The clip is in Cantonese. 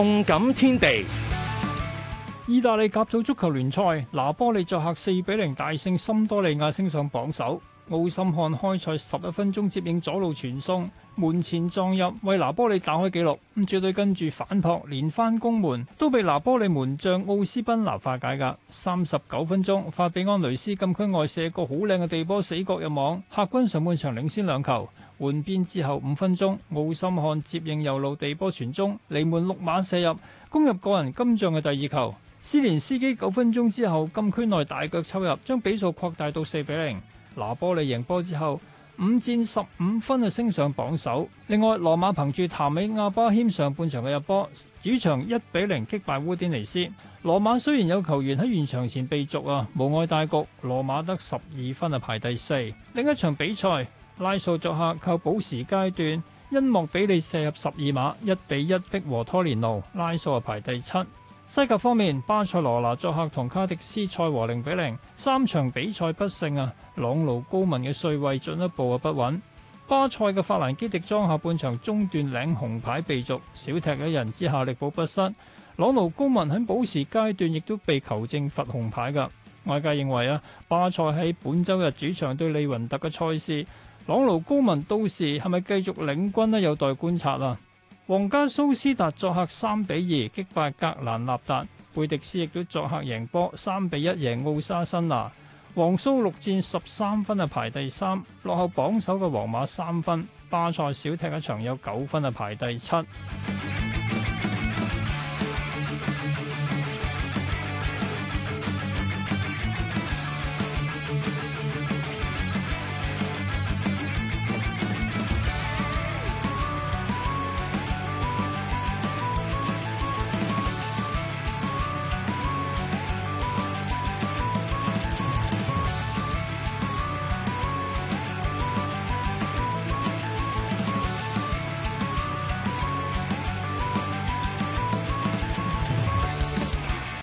動感天地，意大利甲組足球聯賽，拿玻里作客四比零大勝森多利亞，升上榜首。奧森漢開賽十一分鐘接應左路傳送門前撞入為拿玻里打開紀錄咁，球隊跟住反撲，連翻攻門都被拿玻里門將奧斯賓拿化解。噶三十九分鐘，法比安雷斯禁區外射個好靚嘅地波死角入網，客軍上半場領先兩球。換邊之後五分鐘，奧森漢接應右路地波傳中離門六碼射入攻入個人今仗嘅第二球。施連斯基九分鐘之後禁區內大腳抽入，將比數擴大到四比零。拿玻里贏波之後，五戰十五分啊，升上榜首。另外，羅馬憑住譚美阿巴謙上半場嘅入波，主場一比零擊敗烏甸尼斯。羅馬雖然有球員喺完場前被逐啊，無礙大局。羅馬得十二分啊，排第四。另一場比賽，拉素作客靠補時階段，因莫比利射入十二碼，一比一逼和拖連奴。拉素啊，排第七。西甲方面，巴塞羅那作客同卡迪斯賽和零比零，三場比賽不勝啊。朗奴高文嘅帥位進一步啊不穩。巴塞嘅法蘭基迪莊下半場中段領紅牌被逐，小踢一人之下力保不失。朗奴高文喺補時階段亦都被球證罰紅牌噶。外界認為啊，巴塞喺本周日主場對利雲特嘅賽事，朗奴高文到時係咪繼續領軍咧，有待觀察啊。皇家蘇斯達作客三比二擊敗格蘭納達，貝迪斯亦都作客贏波三比一贏奧沙辛拿。皇蘇六戰十三分啊，排第三，落後榜首嘅皇馬三分。巴塞小踢一場有九分啊，排第七。